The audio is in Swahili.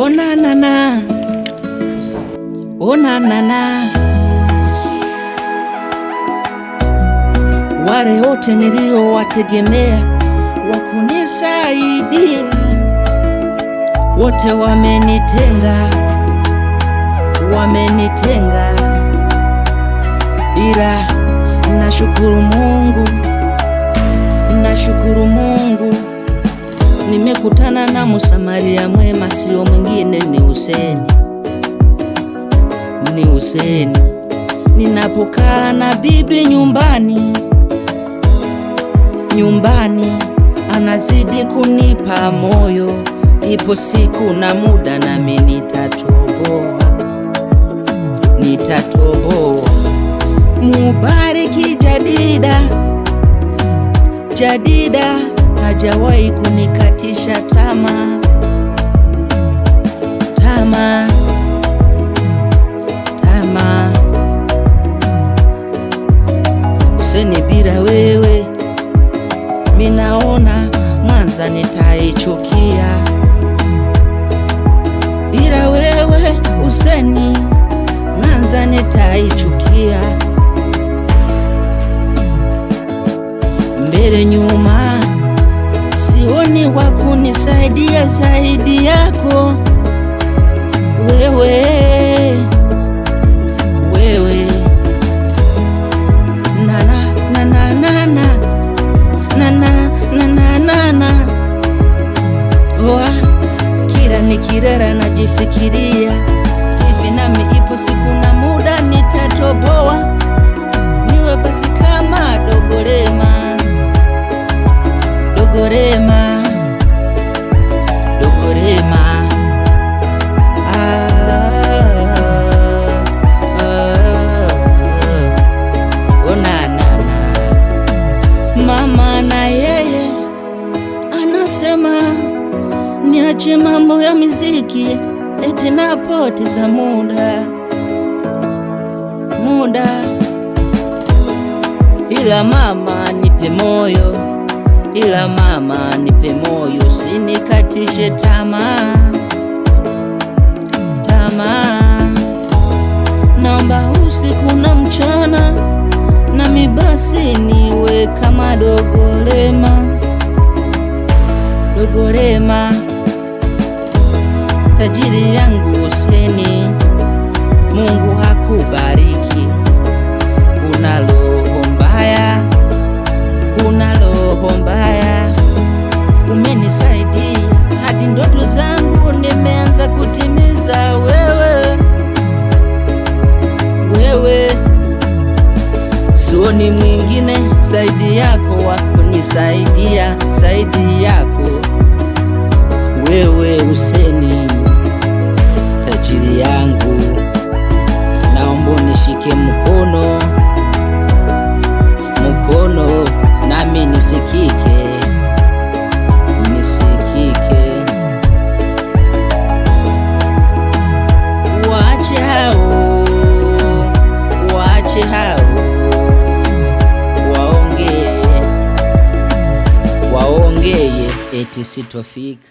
Oh na na na. Oh Wale wote niliowategemea wakunisaidia, wote wamenitenga, wamenitenga, ila nashukuru Mungu, nashukuru Mungu nimekutana na Msamaria mwema, sio mwingine ni Huseni, ni Huseni. Ninapokaa na bibi nyumbani, nyumbani, anazidi kunipa moyo. Ipo siku na muda nami nitatoboa, nitatoboa. Mubariki jadida, jadida hajawahi kunikatisha tamaa, tamaa, tamaa. Useni bila wewe minaona Mwanza nitaichukia, bila wewe Useni Mwanza nitaichukia mbele nyuma nisaidia zaidi yako wewe, wewe nana nana kila nikirara najifikiria hivi, nami ipo siku na muda nitatoboa, niwe basi kama dogorema dogorema niache mambo ya miziki, eti napoteza muda muda, ila mama nipe moyo, ila mama nipe moyo, sinikatishe tamaa tamaa, naomba usiku na mchana, nami basi niwe kama dogorema dogorema tajiri yangu useni Mungu hakubariki. Una roho mbaya, una roho mbaya. Umenisaidia hadi ndoto zangu nimeanza kutimiza. Wewe wewe, sioni mwingine zaidi yako wa kunisaidia, zaidi yako wewe useni waache hao waongee, waongee eti sitofika.